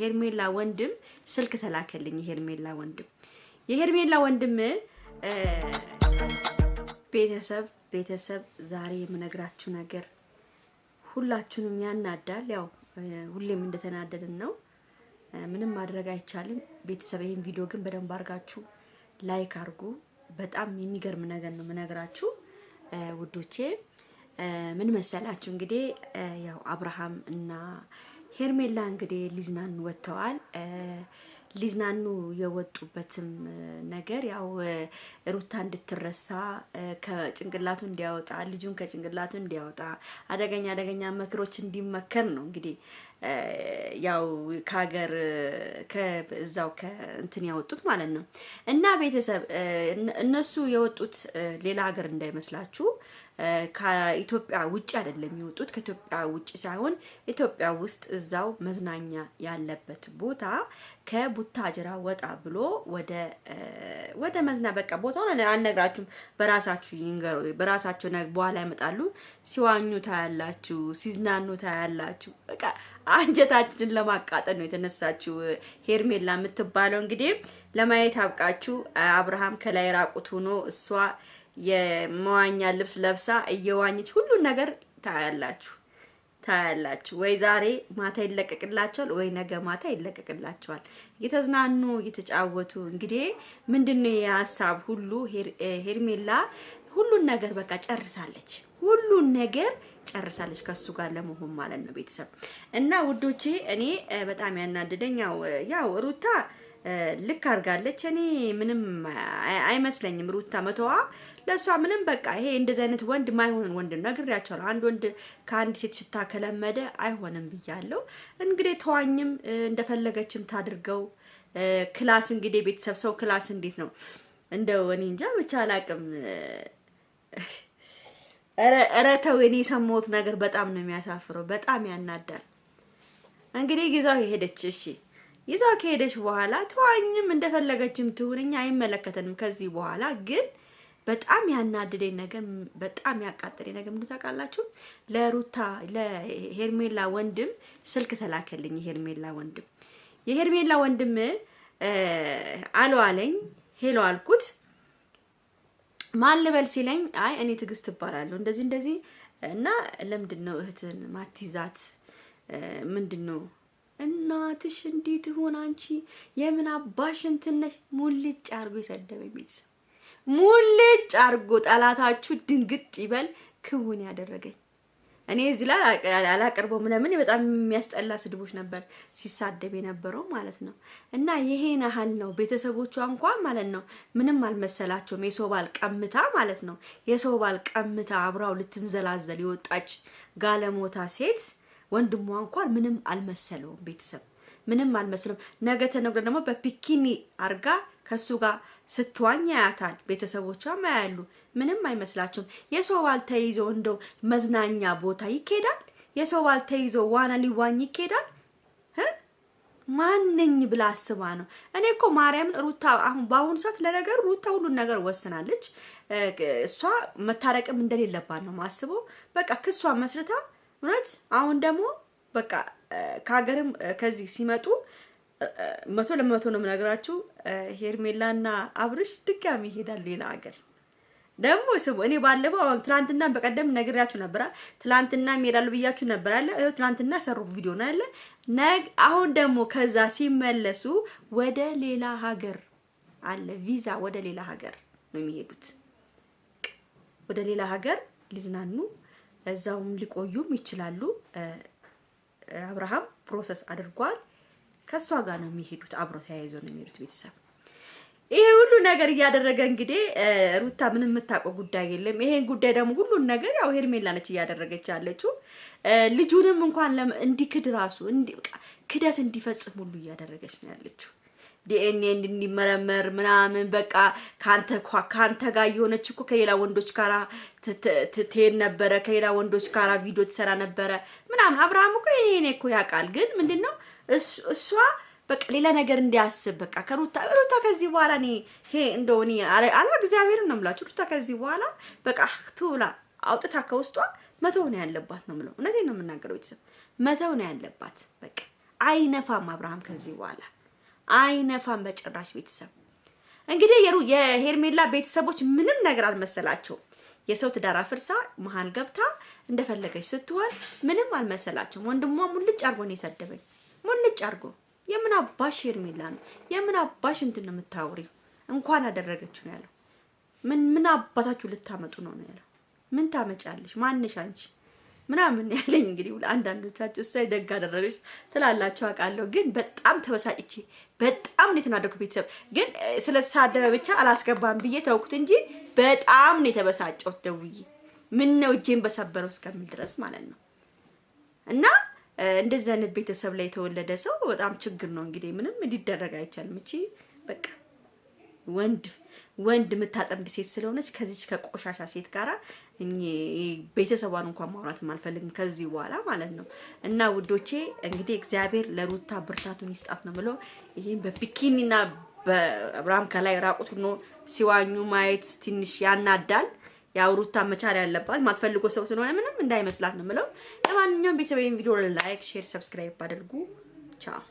ሄርሜላ ወንድም ስልክ ተላከልኝ። የሄርሜላ ወንድም የሄርሜላ ወንድም ቤተሰብ ቤተሰብ ዛሬ የምነግራችሁ ነገር ሁላችሁንም ያናዳል። ያው ሁሌም እንደተናደድን ነው፣ ምንም ማድረግ አይቻልም። ቤተሰብ ይህን ቪዲዮ ግን በደንብ አድርጋችሁ ላይክ አድርጉ። በጣም የሚገርም ነገር ነው የምነግራችሁ ውዶቼ። ምን መሰላችሁ እንግዲህ ያው አብርሃም እና ሄርሜላ እንግዲህ ሊዝናኑ ወጥተዋል። ሊዝናኑ የወጡበትም ነገር ያው ሩታ እንድትረሳ ከጭንቅላቱ እንዲያወጣ ልጁን ከጭንቅላቱ እንዲያወጣ አደገኛ አደገኛ መክሮች እንዲመከር ነው እንግዲህ ያው ከሀገር ከዛው ከእንትን ያወጡት ማለት ነው። እና ቤተሰብ እነሱ የወጡት ሌላ ሀገር እንዳይመስላችሁ ከኢትዮጵያ ውጭ አይደለም የሚወጡት። ከኢትዮጵያ ውጭ ሳይሆን ኢትዮጵያ ውስጥ እዛው መዝናኛ ያለበት ቦታ ከቡታጅራ ወጣ ብሎ ወደ ወደ መዝና በቃ ቦታውን አልነግራችሁም፣ በራሳችሁ ይንገሩ። በራሳችሁ በራሳቸው በኋላ ይመጣሉ። ሲዋኙ ታያላችሁ፣ ሲዝናኑ ታያላችሁ። በቃ አንጀታችንን ለማቃጠል ነው የተነሳችው ሄርሜላ የምትባለው እንግዲህ ለማየት አብቃችሁ። አብርሃም ከላይ ራቁት ሆኖ እሷ የመዋኛ ልብስ ለብሳ እየዋኘች ሁሉን ነገር ታያላችሁ ታያላችሁ። ወይ ዛሬ ማታ ይለቀቅላቸዋል፣ ወይ ነገ ማታ ይለቀቅላቸዋል። እየተዝናኑ እየተጫወቱ እንግዲህ ምንድነው የሀሳብ ሁሉ ሄርሜላ ሁሉን ነገር በቃ ጨርሳለች። ሁሉን ነገር ጨርሳለች ከሱ ጋር ለመሆን ማለት ነው ቤተሰብ እና ውዶቼ፣ እኔ በጣም ያናደደኝ ያው ያው ሩታ ልክ አድርጋለች። እኔ ምንም አይመስለኝም። ሩታ መተዋ ለእሷ ምንም በቃ ይሄ እንደዚህ አይነት ወንድ ማይሆን ወንድ ነግሬያቸዋለሁ። አንድ ወንድ ከአንድ ሴት ሽታ ከለመደ አይሆንም ብያለሁ። እንግዲህ ተዋኝም እንደፈለገችም ታድርገው። ክላስ እንግዲህ ቤተሰብ ሰው ክላስ እንዴት ነው እንደው እኔ እንጃ ብቻ አላቅም። ኧረ ተው፣ እኔ የሰማሁት ነገር በጣም ነው የሚያሳፍረው፣ በጣም ያናዳል። እንግዲህ ጊዜው ሄደች። እሺ ይዛው ከሄደች በኋላ ተዋኝም እንደፈለገችም ትሁን እኛ አይመለከተንም። ከዚህ በኋላ ግን በጣም ያናድደኝ ነገር፣ በጣም ያቃጠለኝ ነገር ምንድን ታውቃላችሁ? ለሩታ ለሄርሜላ ወንድም ስልክ ተላከልኝ። የሄርሜላ ወንድም የሄርሜላ ወንድም አሎ አለኝ። ሄሎ አልኩት። ማን ልበል ሲለኝ አይ እኔ ትዕግስት እባላለሁ እንደዚህ እንደዚህ እና ለምንድን ነው እህትን ማትይዛት ምንድን ነው በእናትሽ እንዴት ሆን አንቺ የምን አባሽ እንትን ነሽ? ሙልጭ አርጎ የሰደበኝ ቤተሰብ ሙልጭ አርጎ ጠላታችሁ ድንግጥ ይበል ክውን ያደረገኝ እኔ እዚህ ላይ አላቀርበውም። ለምን በጣም የሚያስጠላ ስድቦች ነበር ሲሳደብ የነበረው ማለት ነው። እና ይሄን ያህል ነው። ቤተሰቦቿ እንኳን ማለት ነው ምንም አልመሰላቸውም። የሰው ባል ቀምታ ማለት ነው የሰው ባል ቀምታ አብራው ልትንዘላዘል የወጣች ጋለሞታ ሴት ወንድሟ እንኳን ምንም አልመሰለውም። ቤተሰብ ምንም አልመሰለውም። ነገ ተነግረ ደግሞ በፒኪኒ አርጋ ከእሱ ጋር ስትዋኝ ያያታል። ቤተሰቦቿም ያያሉ። ምንም አይመስላቸውም። የሰው ባል ተይዞ እንደው መዝናኛ ቦታ ይኬዳል? የሰው ባል ተይዞ ዋና ሊዋኝ ይኬዳል? ማንኝ ብላ አስባ ነው። እኔ እኮ ማርያምን ሩታ አሁን በአሁኑ ሰዓት ለነገሩ ሩታ ሁሉን ነገር ወስናለች። እሷ መታረቅም እንደሌለባት ነው ማስበው። በቃ ክሷ መስርታ እውነት አሁን ደግሞ በቃ ከሀገርም ከዚህ ሲመጡ መቶ ለመቶ ነው የምነግራችሁ። ሄርሜላና አብርሽ ድጋሚ ይሄዳል ሌላ ሀገር ደግሞ ስሙ። እኔ ባለፈው አሁን ትላንትና በቀደም ነግሬያችሁ ነበራ። ትላንትና ይሄዳሉ ብያችሁ ነበር አለ ትላንትና ሰሩ ቪዲዮ ነው ያለ ነግ አሁን ደግሞ ከዛ ሲመለሱ ወደ ሌላ ሀገር አለ ቪዛ ወደ ሌላ ሀገር ነው የሚሄዱት። ወደ ሌላ ሀገር ሊዝናኑ እዛውም ሊቆዩም ይችላሉ። አብርሃም ፕሮሰስ አድርጓል። ከእሷ ጋር ነው የሚሄዱት፣ አብሮ ተያይዞ ነው የሚሄዱት ቤተሰብ ይሄ ሁሉ ነገር እያደረገ እንግዲህ ሩታ ምንም የምታውቀው ጉዳይ የለም። ይሄን ጉዳይ ደግሞ ሁሉን ነገር ያው ሄርሜላ ነች እያደረገች ያለችው። ልጁንም እንኳን እንዲክድ ራሱ ክደት እንዲፈጽም ሁሉ እያደረገች ነው ያለችው። ዲኤንኤ እንዲመረመር ምናምን በቃ ከአንተ ከአንተ ጋር የሆነች እኮ ከሌላ ወንዶች ጋራ ትሄድ ነበረ፣ ከሌላ ወንዶች ጋራ ቪዲዮ ትሰራ ነበረ ምናምን። አብርሃም እኮ ይሄኔ እኮ ያውቃል። ግን ምንድን ነው እሷ በቃ ሌላ ነገር እንዲያስብ በቃ ከሩታ ሩታ ከዚህ በኋላ እኔ ሄ እንደው እኔ አላ እግዚአብሔርን ነው የምላችሁ። ሩታ ከዚህ በኋላ በቃ ቱ ብላ አውጥታ ከውስጧ መተው ነው ያለባት ነው የምለው። እውነቴን ነው የምናገረው። ቤተሰብ መተው ነው ያለባት። በቃ አይነፋም አብርሃም ከዚህ በኋላ አይነፋም በጭራሽ። ቤተሰብ እንግዲህ የሄርሜላ ቤተሰቦች ምንም ነገር አልመሰላቸው የሰው ትዳር አፍርሳ መሀል ገብታ እንደፈለገች ስትሆን ምንም አልመሰላቸውም። ወንድሟ ሙልጭ አርጎ ነው የሰደበኝ፣ ሙልጭ አርጎ። የምን አባሽ ሄርሜላ ነው የምን አባሽ እንትን ነው እንኳን አደረገችው ነው ያለው። ምን ምን አባታችሁ ልታመጡ ነው ነው ያለው። ምን ታመጫለሽ? ማንሽ አንቺ ምናምን ያለኝ እንግዲህ አንዳንዶቻቸው እሰይ ደግ አደረገች ትላላችሁ አውቃለሁ። ግን በጣም ተበሳጭቼ በጣም ነው የተናደኩት። ቤተሰብ ግን ስለተሳደበ ብቻ አላስገባም ብዬ ተውኩት እንጂ በጣም ነው የተበሳጨሁት። ደውዬ ምን ነው እጄን በሰበረው እስከሚል ድረስ ማለት ነው እና እንደዚህ አይነት ቤተሰብ ላይ የተወለደ ሰው በጣም ችግር ነው። እንግዲህ ምንም እንዲደረግ አይቻልም። እቺ በቃ ወንድ ወንድ የምታጠምድ ሴት ስለሆነች ከዚች ከቆሻሻ ሴት ጋራ ቤተሰቧን እንኳን ማውራትም አልፈልግም ከዚህ በኋላ ማለት ነው። እና ውዶቼ እንግዲህ እግዚአብሔር ለሩታ ብርታቱን ይስጣት ነው ብሎ ይህም በቢኪኒና በአብርሃም ከላይ ራቁት ሆኖ ሲዋኙ ማየት ትንሽ ያናዳል። ያው ሩታ መቻል ያለባት ማትፈልጎ ሰው ስለሆነ ምንም እንዳይመስላት ነው ምለው። ለማንኛውም ቤተሰብ ቪዲዮ ላይክ፣ ሼር፣ ሰብስክራይብ አድርጉ። ቻው